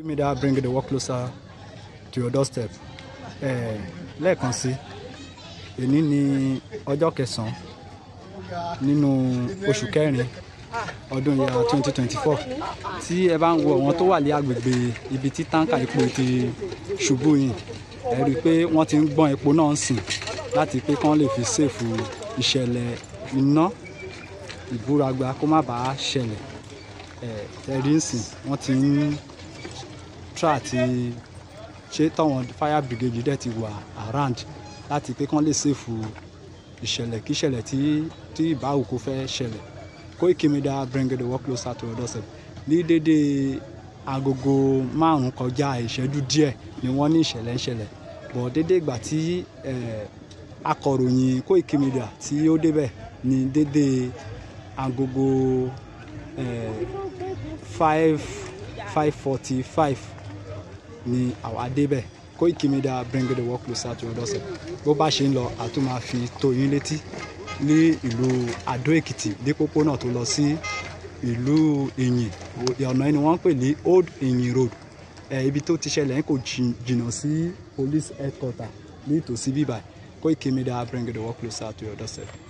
media bring the work closer to your doorstep eh, lẹ́ẹ̀kan sí èní ni ọjọ́ kẹsàn-án nínú oṣù kẹrin ọdún yà ah, twenty twenty four tí ẹ bá ń wo àwọn tó wà ní agbègbè ibi tí táǹkà epo ti ṣubú yìí ẹ rí i pé wọ́n ti ń gbọ́n epo náà ń sìn láti pé kán lè fi ṣèfù ìṣẹ̀lẹ̀ iná ìbúragba kó má bàa ṣẹlẹ̀ eh, ẹ rí ń sìn wọ́n ti ń try àti ṣe táwọn fire brigade dẹ̀ ti wà around láti pé kán lè ṣèfù ìṣẹ̀lẹ̀ kí ìṣẹ̀lẹ̀ tí tí ìbáwò kò fẹ́ ṣẹlẹ̀ Koiki Media bring the work closer to yourself ní dédé agogo márùn kọjá ìṣẹ́jú díẹ̀ ni wọ́n ní ìṣẹ̀lẹ̀ ń ṣẹlẹ̀ bọ̀ dédé ìgbà tí akọ̀ròyìn Koiki Media tí ó débẹ̀ ní dédé agogo five five forty five ni àwa débẹ̀ Koiki Media bring the work closer to your doorstep bó bá ṣe ń lọ a tún máa fi tó yín létí ní ìlú Adó Èkìtì dípòpó náà tó lọ sí ìlú Ìyìn ọ̀nà yìí ni wọ́n ń pè ní Old Ìyìn Road ibi tó ti ṣẹlẹ̀ ń kò jìnnà sí police headquarter ní ìtòsí bíbá Koiki da bring the work closer to your doorstep.